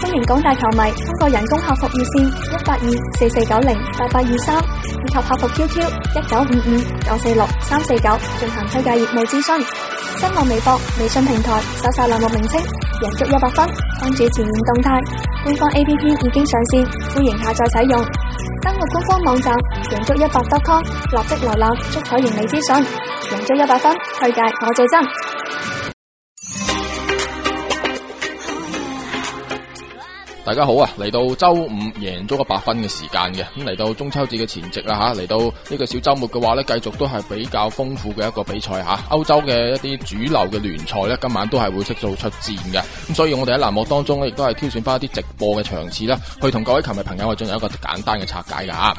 歡迎廣大球迷通過人工客服熱線一八二四四九零八八二三以及客服 QQ 一九五五九四六三四九進行推介業務諮詢。新浪微博、微信平台搜索欄目名稱贏足一百分，關注前沿動態。官方 APP 已經上線，歡迎下載使用。登錄官方網站贏足一百分 com，立即瀏覽足彩盈利資訊。贏足一百分，推介我最真。大家好啊！嚟到周五贏足個 100FUN 嘅時間嘅，咁嚟到中秋節嘅前夕啦吓，嚟到呢個小周末嘅話呢，繼續都係比較豐富嘅一個比賽吓。歐洲嘅一啲主流嘅聯賽呢，今晚都係會悉數出戰嘅。咁所以我哋喺欄目當中咧，亦都係挑選翻一啲直播嘅場次啦，去同各位球迷朋友去進行一個簡單嘅拆解噶啊！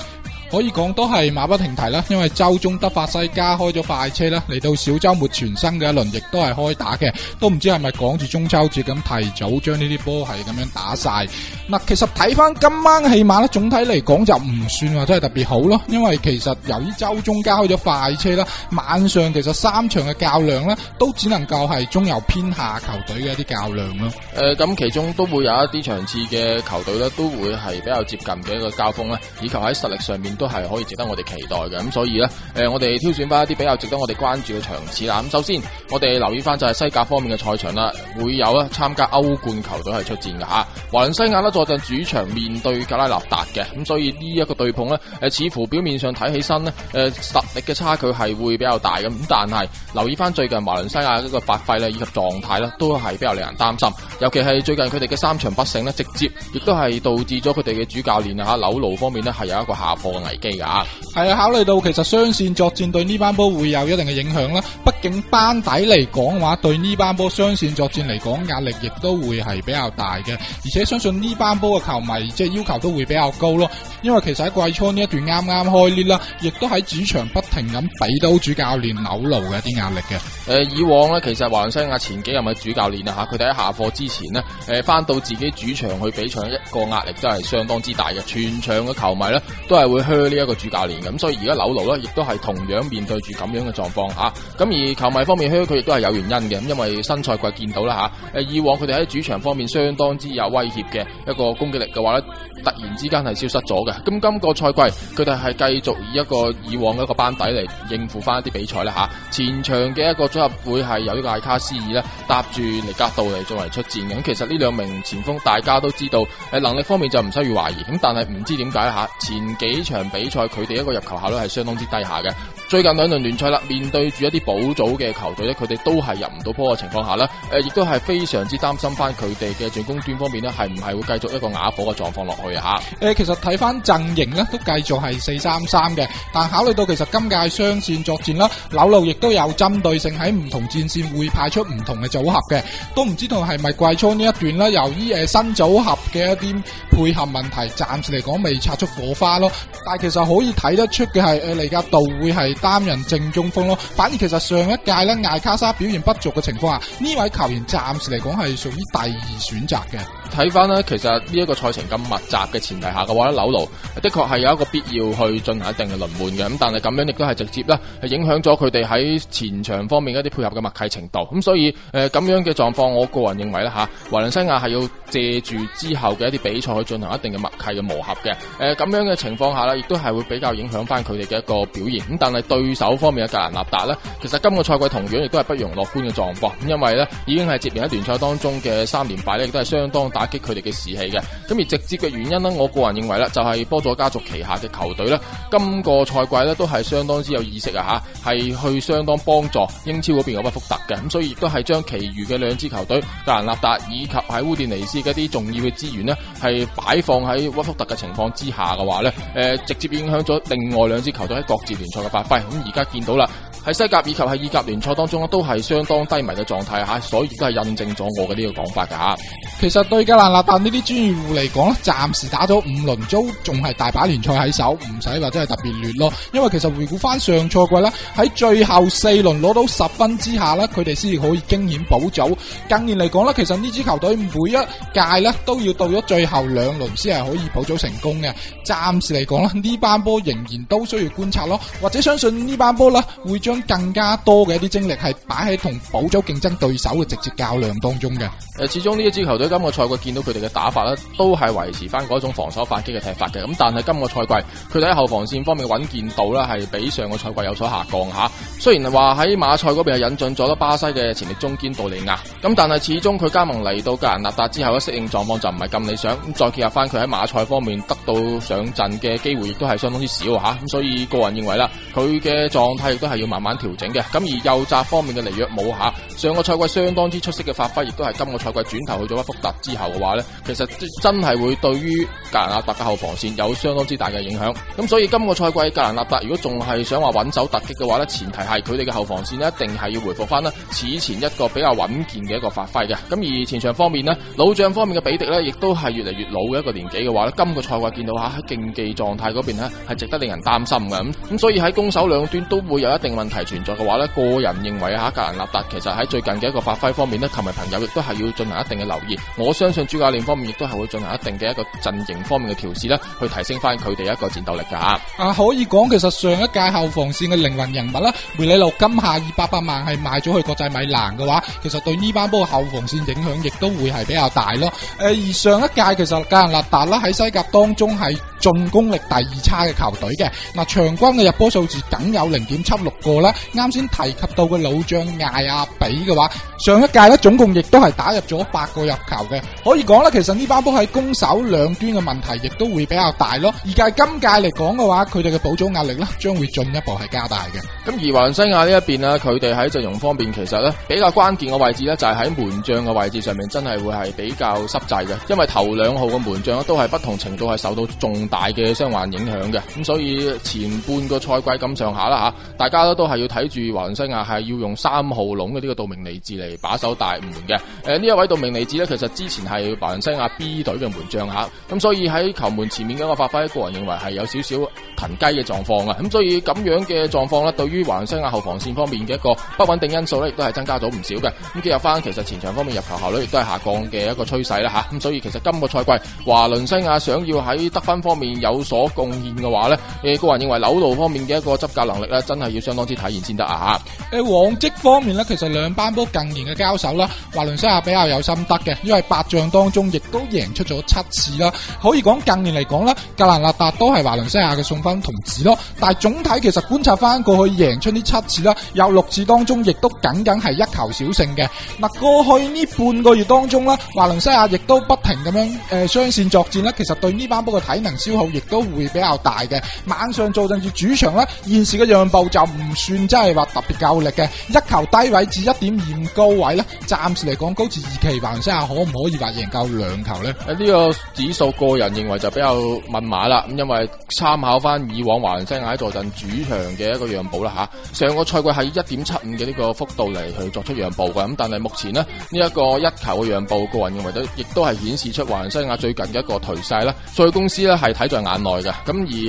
可以講都係馬不停蹄啦，因為週中德法西加開咗快車啦，嚟到小週末全新嘅一輪亦都係開打嘅，都唔知係咪趕住中秋節咁提早將呢啲波係咁樣打曬。嗱，其實睇翻今晚嘅戲碼咧，總體嚟講就唔算話真係特別好咯，因為其實由於週中加開咗快車啦，晚上其實三場嘅較量咧都只能夠係中游偏下球隊嘅一啲較量咯。誒、呃，咁其中都會有一啲場次嘅球隊咧都會係比較接近嘅一個交鋒啦，以求喺實力上面。都係可以值得我哋期待嘅。咁所以呢，誒，我哋挑選翻一啲比較值得我哋關注嘅場次啦。咁首先，我哋留意翻就係西甲方面嘅賽場啦，會有啊參加歐冠球隊係出戰嘅吓。華倫西亞呢，坐陣主場面對格拉納達嘅，咁所以呢一個對碰呢，誒，似乎表面上睇起身呢，誒，實力嘅差距係會比較大嘅，咁但係留意翻最近華倫西亞呢個發揮呢，以及狀態呢，都係比較令人擔心。尤其係最近佢哋嘅三場不勝呢，直接亦都係導致咗佢哋嘅主教練啊吓紐勞方面呢係有一個下課嘅。危機噶，係啊！考慮到其實雙線作戰對呢班波會有一定嘅影響啦，畢竟班底嚟講嘅話，對呢班波雙線作戰嚟講，壓力亦都會係比較大嘅。而且相信呢班波嘅球迷即係、就是、要求都會比較高咯，因為其實喺季初呢一段啱啱開 l i 啦，亦都喺主場不停咁比到主教練扭路嘅一啲壓力嘅。誒，以往呢，其實華倫西亞啊前幾任嘅主教練啊吓，佢哋喺下課之前呢，誒翻到自己主場去比賽一個壓力都係相當之大嘅，全場嘅球迷呢，都係會向。呢一個主教練咁，所以而家柳奴呢亦都係同樣面對住咁樣嘅狀況吓。咁、啊、而球迷方面，佢亦都係有原因嘅，咁因為新賽季見到啦吓、誒、啊、以往佢哋喺主場方面相當之有威脅嘅一個攻擊力嘅話咧，突然之間係消失咗嘅。咁今個賽季佢哋係繼續以一個以往嘅一個班底嚟應付翻一啲比賽啦吓、啊。前場嘅一個組合會係由呢個艾卡斯爾呢搭住尼格杜嚟作為出戰。咁、啊、其實呢兩名前鋒大家都知道，誒能力方面就唔需要懷疑。咁但係唔知點解吓，前幾場。比賽佢哋一個入球效率係相當之低下嘅，最近兩輪聯賽啦，面對住一啲保組嘅球隊咧，佢哋都係入唔到波嘅情況下誒，亦都係非常之擔心翻佢哋嘅進攻端方面咧，係唔係會繼續一個啞火嘅狀況落去吓，誒、呃，其實睇翻陣容都繼續係四三三嘅，但考慮到其實今屆雙線作戰啦，柳路亦都有針對性喺唔同戰線會派出唔同嘅組合嘅，都唔知道係咪季初呢一段咧，由於誒新組合嘅一啲。配合問題暫時嚟講未擦出火花咯，但係其實可以睇得出嘅係誒利家道會係擔任正中鋒咯。反而其實上一屆咧，艾卡莎表現不俗嘅情況下，呢位球員暫時嚟講係屬於第二選擇嘅。睇翻咧，其實呢一個賽程咁密集嘅前提下嘅話咧，柳盧的確係有一個必要去進行一定嘅輪換嘅。咁但係咁樣亦都係直接咧係影響咗佢哋喺前場方面一啲配合嘅默契程度。咁所以誒咁、呃、樣嘅狀況我個人認為咧吓，華、啊、倫西亞係要借住之後嘅一啲比賽。進行一定嘅默契嘅磨合嘅，誒、呃、咁樣嘅情況下呢亦都係會比較影響翻佢哋嘅一個表現。咁但係對手方面嘅格蘭納達呢，其實今個賽季同樣亦都係不容樂觀嘅狀況，咁因為呢已經係接連喺聯賽當中嘅三連敗呢亦都係相當打擊佢哋嘅士氣嘅。咁而直接嘅原因呢，我個人認為呢，就係、是、波佐家族旗下嘅球隊呢，今、這個賽季呢都係相當之有意識啊吓，係去相當幫助英超嗰邊有不福特嘅，咁所以亦都係將其餘嘅兩支球隊格蘭納達以及喺烏甸尼斯嘅一啲重要嘅資源呢，係。擺放喺屈福特嘅情況之下嘅話咧，誒，直接影響咗另外兩支球隊喺各自聯賽嘅發揮。咁而家見到啦。喺西甲以及喺意甲聯賽當中咧，都係相當低迷嘅狀態吓，所以都係印證咗我嘅呢個講法噶。其實對吉蘭納達呢啲專業戶嚟講咧，暫時打咗五輪租，仲係大把聯賽喺手，唔使話真係特別亂咯。因為其實回顧翻上個賽季咧，喺最後四輪攞到十分之下咧，佢哋先至可以驚險保組。近年嚟講咧，其實呢支球隊每一屆咧都要到咗最後兩輪先係可以保組成功嘅。暫時嚟講咧，呢班波仍然都需要觀察咯，或者相信這呢班波啦會將更加多嘅一啲精力係擺喺同保組競爭對手嘅直接較量當中嘅。誒，始終呢一支球隊今個賽季見到佢哋嘅打法呢都係維持翻嗰一種防守反擊嘅踢法嘅。咁但係今個賽季佢哋喺後防線方面嘅穩健度呢，係比上個賽季有所下降吓。雖然話喺馬賽嗰邊係引進咗巴西嘅潛力中堅道利亞，咁但係始終佢加盟嚟到格蘭納達之後咧，適應狀況就唔係咁理想。咁再結合翻佢喺馬賽方面得到上陣嘅機會，亦都係相當之少吓。咁所以個人認為啦。佢嘅狀態亦都係要慢慢調整嘅，咁而右閘方面嘅尼約冇下，上個賽季相當之出色嘅發揮，亦都係今個賽季轉頭去咗一福特之後嘅話呢，其實真係會對於格蘭納達嘅後防線有相當之大嘅影響。咁所以今個賽季格蘭納達如果仲係想話穩守突擊嘅話呢，前提係佢哋嘅後防線呢一定係要回復翻呢此前一個比較穩健嘅一個發揮嘅。咁而前場方面呢，老將方面嘅比迪呢，亦都係越嚟越老嘅一個年紀嘅話呢，今個賽季見到吓喺競技狀態嗰邊呢，係值得令人擔心嘅。咁所以喺。攻守兩端都會有一定問題存在嘅話咧，個人認為啊，格蘭納達其實喺最近嘅一個發揮方面咧，球迷朋友亦都係要進行一定嘅留意。我相信主教練方面亦都係會進行一定嘅一個陣營方面嘅調試咧，去提升翻佢哋一個戰鬥力噶啊，可以講其實上一屆後防線嘅靈魂人物啦，梅里洛今夏二八百萬係賣咗去國際米蘭嘅話，其實對呢班波後防線影響亦都會係比較大咯。誒，而上一屆其實格蘭納達啦喺西甲當中係進攻力第二差嘅球隊嘅，嗱，場均嘅入波數字僅有零點七六個咧。啱先提及到嘅老將艾亞比嘅話，上一屆咧總共亦都係打入咗八個入球嘅，可以講啦，其實呢班波喺攻守兩端嘅問題亦都會比較大咯。而屆今屆嚟講嘅話，佢哋嘅補足壓力呢將會進一步係加大嘅。咁而華倫西亞呢一邊呢，佢哋喺陣容方面其實呢比較關鍵嘅位置呢，就係喺門將嘅位置上面，真係會係比較濕滯嘅，因為頭兩號嘅門將都係不同程度係受到重。大嘅傷患影響嘅，咁所以前半個賽季咁上下啦，嚇，大家咧，都係要睇住華倫西亞係要用三號籠嘅呢個杜明尼治嚟把守大門嘅。呢、呃、一位杜明尼治呢，其實之前係華倫西亞 B 隊嘅門將下，咁所以喺球門前面嘅一個發揮，個人認為係有少少群雞嘅狀況啊，咁所以咁樣嘅狀況呢，對於華倫西亞後防線方面嘅一個不穩定因素呢，亦都係增加咗唔少嘅。咁加入翻，其實前場方面入球效率亦都係下降嘅一個趨勢啦，吓。咁所以其實今個賽季華倫西亞想要喺得分方面有所貢獻嘅話呢，誒，個人認為扭度方面嘅一個執教能力呢，真係要相當之體現先得啊，吓。喺往績方面呢，其實兩班都近年嘅交手啦，華倫西亞比較有心得嘅，因為八仗當中亦都贏出咗七次啦。可以講近年嚟講呢，格蘭納達都係華倫西亞嘅送分。同時咯，但係總體其實觀察翻過去贏出呢七次啦，有六次當中亦都僅僅係一球小勝嘅。嗱，過去呢半個月當中啦，華倫西亞亦都不停咁樣誒雙線作戰啦，其實對呢班波嘅體能消耗亦都會比較大嘅。晚上做陣住主場啦，現時嘅讓步就唔算真係話特別夠力嘅，一球低位至一點二五高位咧，暫時嚟講，高至二期華倫西亞可唔可以話贏夠兩球咧？誒，呢個指數個人認為就比較問馬啦，咁因為參考翻。以往華倫西亞喺坐鎮主場嘅一個讓步啦嚇，上、啊、個賽季係一點七五嘅呢個幅度嚟去作出讓步嘅，咁、啊、但係目前呢，呢、這、一個一球嘅讓步，個人認為都亦都係顯示出華倫西亞最近嘅一個頹勢啦。啊、所以公司咧係睇在眼內嘅，咁、啊、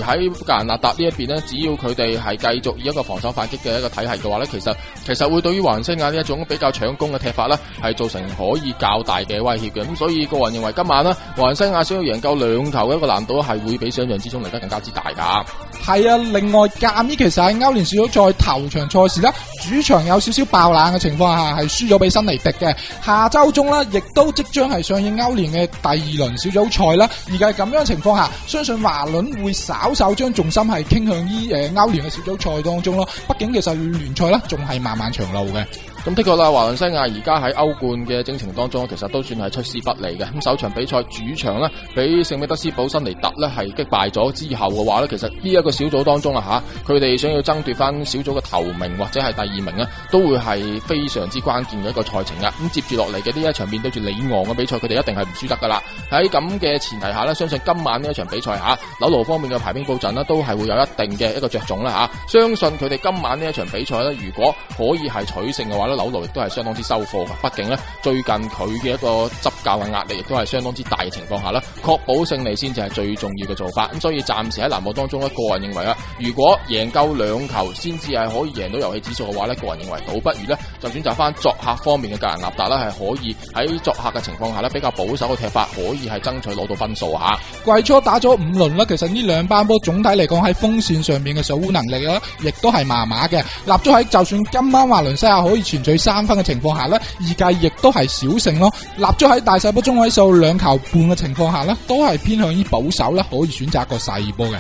而喺格蘭納達呢一邊呢，只要佢哋係繼續以一個防守反擊嘅一個體系嘅話咧，其實其實會對於華倫西亞呢一種比較搶攻嘅踢法咧，係造成可以較大嘅威脅嘅。咁、啊、所以個人認為今晚呢華倫西亞想要贏夠兩球嘅一個難度係會比想像之中嚟得更加之大㗎。係啊，另外隔咪其實喺歐聯小組賽頭場賽事啦，主場有少少爆冷嘅情況下，係輸咗俾新尼迪嘅。下周中啦，亦都即將係上演歐聯嘅第二輪小組賽啦。而喺咁樣嘅情況下，相信華倫會稍稍將重心係傾向於誒歐聯嘅小組賽當中咯。畢竟其實聯賽啦仲係漫漫長路嘅。咁的確啦，華倫西亞而家喺歐冠嘅征程當中，其實都算係出師不利嘅。咁首場比賽主場呢，俾聖彼德斯堡辛尼特呢係擊敗咗之後嘅話呢，其實呢一個小組當中啊吓，佢哋想要爭奪翻小組嘅頭名或者係第二名呢，都會係非常之關鍵嘅一個賽程啊，咁接住落嚟嘅呢一場面對住里昂嘅比賽，佢哋一定係唔輸得噶啦。喺咁嘅前提下呢，相信今晚呢一場比賽吓，紐羅方面嘅排兵佈陣呢，都係會有一定嘅一個着重啦、啊、吓。相信佢哋今晚呢一場比賽呢，如果可以係取勝嘅話樓奴亦都係相當之收貨嘅，畢竟呢，最近佢嘅一個執教嘅壓力亦都係相當之大嘅情況下呢，確保勝利先至係最重要嘅做法。咁所以暫時喺欄目當中咧，個人認為啊，如果贏夠兩球先至係可以贏到遊戲指數嘅話咧，個人認為倒不如呢就選擇翻作客方面嘅格蘭納達呢係可以喺作客嘅情況下呢比較保守嘅踢法，可以係爭取攞到分數吓。季初打咗五輪啦，其實呢兩班波總體嚟講喺鋒線上面嘅守護能力咧，亦都係麻麻嘅。立咗喺就算今晚華倫西亞可以全在三分嘅情況下呢，二界亦都係小勝咯。立足喺大細波中位數兩球半嘅情況下呢，都係偏向於保守呢，可以選擇一個細波嘅。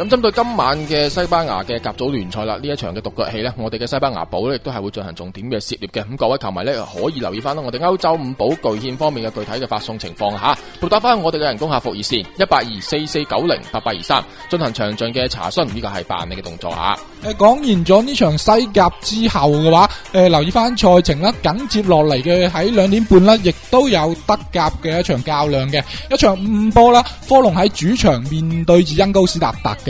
咁針對今晚嘅西班牙嘅甲組聯賽啦，呢一場嘅獨腳戲呢，我哋嘅西班牙寶呢，亦都係會進行重點嘅涉獵嘅。咁各位球迷呢，可以留意翻啦，我哋歐洲五寶巨獻方面嘅具體嘅發送情況吓，撥打翻我哋嘅人工客服熱線一八二四四九零八八二三進行詳盡嘅查詢，呢個係辦理嘅動作吓、啊。誒，講完咗呢場西甲之後嘅話，誒、呃，留意翻賽程啦，緊接落嚟嘅喺兩點半啦，亦都有德甲嘅一場較量嘅，一場五五波啦，科隆喺主場面對住恩高斯達達嘅。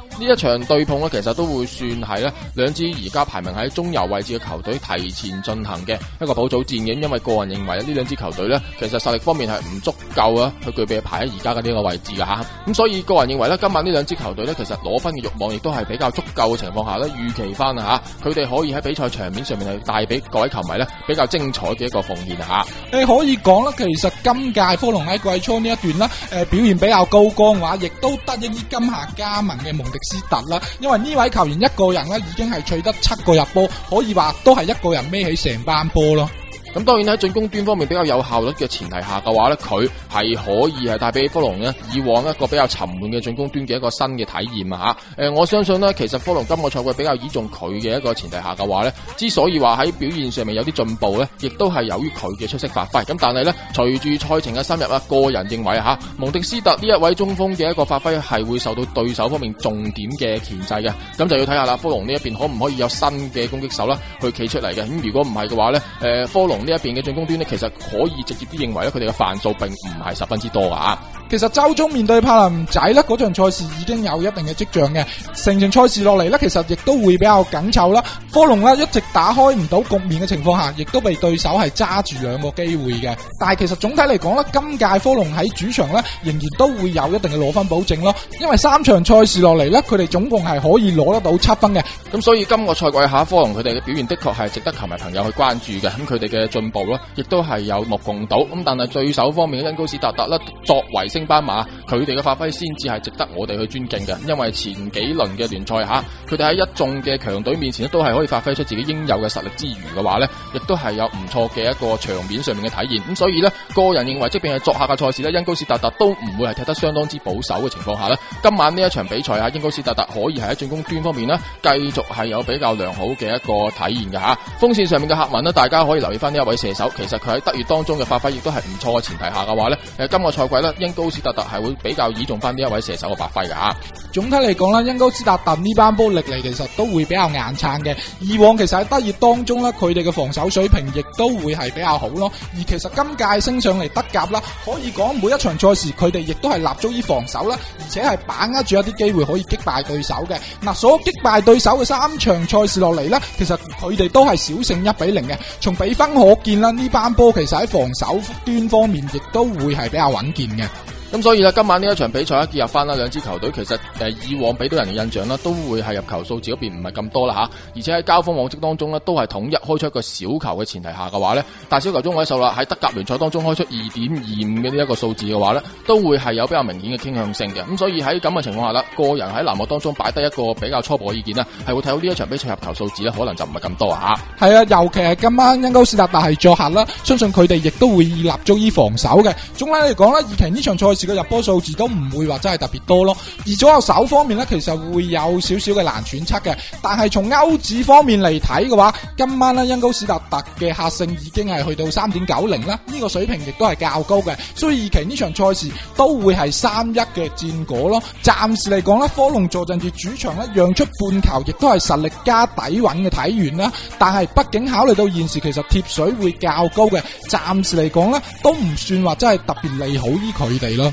呢一場對碰呢，其實都會算係咧兩支而家排名喺中游位置嘅球隊提前進行嘅一個補組戰嘅，因為個人認為呢兩支球隊呢，其實實力方面係唔足夠啊，去具備排喺而家嘅呢個位置噶吓。咁所以個人認為呢，今晚呢兩支球隊呢，其實攞分嘅慾望亦都係比較足夠嘅情況下呢，預期翻吓，佢哋可以喺比賽場面上面係帶俾各位球迷呢比較精彩嘅一個奉獻吓。誒，可以講啦，其實今屆科隆喺季初呢一段啦，誒、呃、表現比較高光嘅話，亦都得益於今夏加盟嘅蒙迪。施特啦，因為呢位球員一個人咧已經係取得七個入波，可以話都係一個人孭起成班波咯。咁當然喺進攻端方面比較有效率嘅前提下嘅話呢，佢係可以係帶俾科隆呢，以往一個比較沉悶嘅進攻端嘅一個新嘅體驗啊、嚇、呃！我相信呢，其實科隆今個賽季比較倚重佢嘅一個前提下嘅話呢，之所以話喺表現上面有啲進步呢，亦都係由於佢嘅出色發揮。咁、啊、但係呢，隨住賽程嘅深入，個人認為嚇、啊，蒙迪斯特呢一位中鋒嘅一個發揮係會受到對手方面重點嘅牽制嘅。咁就要睇下啦，科隆呢一邊可唔可以有新嘅攻擊手啦去企出嚟嘅？咁、嗯、如果唔係嘅話呢。呃、科隆。呢一邊嘅進攻端咧，其實可以直接啲認為咧，佢哋嘅犯數並唔係十分之多啊。其實周中面對柏林仔呢，嗰場賽事已經有一定嘅跡象嘅。成場賽事落嚟呢，其實亦都會比較緊湊啦。科隆呢一直打開唔到局面嘅情況下，亦都被對手係揸住兩個機會嘅。但係其實總體嚟講呢，今屆科隆喺主場呢，仍然都會有一定嘅攞分保證咯。因為三場賽事落嚟呢，佢哋總共係可以攞得到七分嘅。咁所以今個賽季下科隆佢哋嘅表現的確係值得球迷朋友去關注嘅。咁佢哋嘅進步咯，亦都係有目共睹。咁但係對手方面嘅因高斯達特呢，作為斑馬佢哋嘅發揮先至係值得我哋去尊敬嘅，因為前幾輪嘅聯賽吓，佢哋喺一眾嘅強隊面前都係可以發揮出自己應有嘅實力之餘嘅話咧，亦都係有唔錯嘅一個場面上面嘅體現。咁所以呢，個人認為，即便係作客嘅賽事咧，英高斯達達都唔會係踢得相當之保守嘅情況下咧，今晚呢一場比賽啊，英高斯達達可以係喺進攻端方面咧，繼續係有比較良好嘅一個體現嘅吓。鋒線上面嘅客文咧，大家可以留意翻，呢一位射手，其實佢喺德乙當中嘅發揮亦都係唔錯嘅前提下嘅話呢誒，今個賽季呢。斯達特係會比較倚重翻呢一位射手嘅發揮嘅吓，總體嚟講呢，因高斯達特呢班波歷嚟其實都會比較硬撐嘅。以往其實喺德乙當中呢，佢哋嘅防守水平亦都會係比較好咯。而其實今屆升上嚟德甲啦，可以講每一場賽事佢哋亦都係立足於防守啦，而且係把握住一啲機會可以擊敗對手嘅。嗱，所擊敗對手嘅三場賽事落嚟呢，其實佢哋都係小勝一比零嘅。從比分可見啦，呢班波其實喺防守端方面亦都會係比較穩健嘅。咁所以咧，今晚呢一場比賽結合翻啦，兩支球隊其實誒、呃、以往俾到人嘅印象啦，都會係入球數字嗰邊唔係咁多啦吓、啊，而且喺交鋒往績當中咧，都係統一開出一個小球嘅前提下嘅話咧，大小球中位數啦，喺德甲聯賽當中開出二點二五嘅呢一個數字嘅話咧，都會係有比較明顯嘅傾向性嘅。咁、啊、所以喺咁嘅情況下啦，個人喺欄目當中擺得一個比較初步嘅意見啦，係會睇到呢一場比賽入球數字咧，可能就唔係咁多吓，係啊，啊，尤其係今晚因高斯達達係作客啦，相信佢哋亦都會以立足於防守嘅。總體嚟講啦，其期呢場賽。個入波數字都唔會話真係特別多咯，而左右手方面呢，其實會有少少嘅難揣測嘅。但係從歐指方面嚟睇嘅話，今晚呢，因高斯達特嘅客勝已經係去到三點九零啦，呢個水平亦都係較高嘅。所以預期呢場賽事都會係三一嘅戰果咯。暫時嚟講咧，科隆坐鎮住主場呢讓出半球亦都係實力加底蘊嘅體緣啦。但係畢竟考慮到現時其實貼水會較高嘅，暫時嚟講呢，都唔算話真係特別利好於佢哋咯。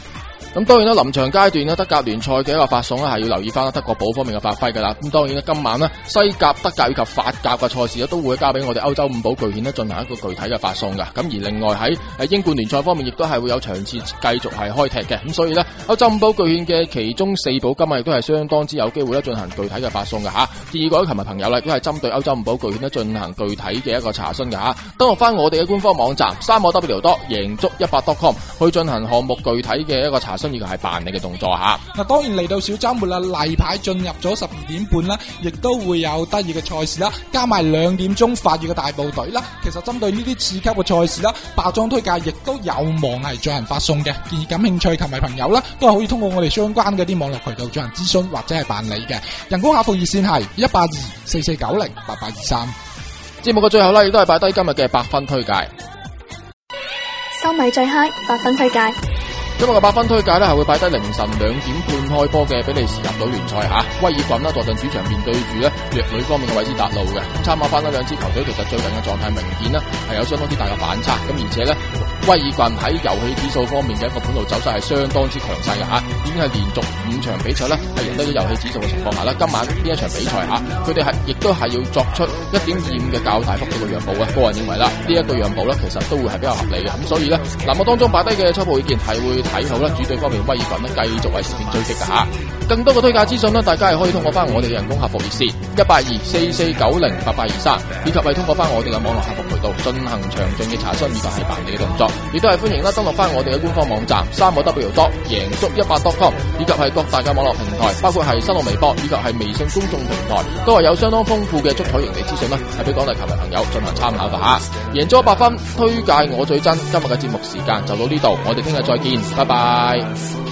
咁當然啦，臨場階段咧，德甲聯賽嘅一個發送呢，係要留意翻德國寶方面嘅發揮㗎啦。咁當然啦，今晚呢，西甲、德甲以及法甲嘅賽事呢，都會交俾我哋歐洲五寶巨犬咧進行一個具體嘅發送嘅。咁而另外喺誒英冠聯賽方面，亦都係會有場次繼續係開踢嘅。咁所以呢，歐洲五寶巨犬嘅其中四寶今日亦都係相當之有機會咧進行具體嘅發送嘅吓，第二個咧，琴日朋友呢，都係針對歐洲五寶巨犬咧進行具體嘅一個查詢嘅嚇。登錄翻我哋嘅官方網站三個 w 多贏足一百 .com 去進行項目具體嘅一個查詢。呢個係辦理嘅動作吓，嗱，當然嚟到小周末啦，例牌進入咗十二點半啦，亦都會有得意嘅賽事啦，加埋兩點鐘發熱嘅大部隊啦。其實針對呢啲次級嘅賽事啦，爆裝推介亦都有望係進行發送嘅，建議感興趣及朋友啦，都係可以通過我哋相關嘅啲網絡渠道進行諮詢或者係辦理嘅。人工客服熱線係一八二四四九零八八二三。節目嘅最後呢，亦都係擺低今日嘅百分推介，收米最嗨，百分推介。今日嘅八分推介咧，係會擺低凌晨兩點半開波嘅比利時入到聯賽吓，威爾郡啦，坐陣主場面對住咧弱旅方面嘅維斯達路嘅，參考翻呢兩支球隊，其實最近嘅狀態明顯啦，係有相當之大嘅反差，咁而且咧。威爾郡喺遊戲指數方面嘅一個盤路走勢係相當之強勢嘅吓，已經係連續五場比賽咧係贏得咗遊戲指數嘅情況下啦，今晚呢一場比賽吓，佢哋係亦都係要作出一點二五嘅較大幅度嘅讓步嘅，個人認為啦，呢、這、一個讓步咧，其實都會係比較合理嘅，咁所以咧，嗱，我當中擺低嘅初步意見係會睇好啦，主隊方面威爾郡咧繼續係實現追擊噶吓。更多嘅推介資訊咧，大家係可以通過翻我哋嘅人工客服熱線一八二四四九零八八二三，以及係通過翻我哋嘅網絡客服渠道進行詳盡嘅查詢，以及係辦理嘅動作，亦都係歡迎啦登錄翻我哋嘅官方網站三個 w 多贏足一百 dotcom，以及係各大嘅網絡平台，包括係新浪微博以及係微信公眾平台，都係有相當豐富嘅足彩盈利資訊啦，係俾廣大球迷朋友進行參考噶吓。贏足一百分，推介我最真。今日嘅節目時間就到呢度，我哋聽日再見，拜拜。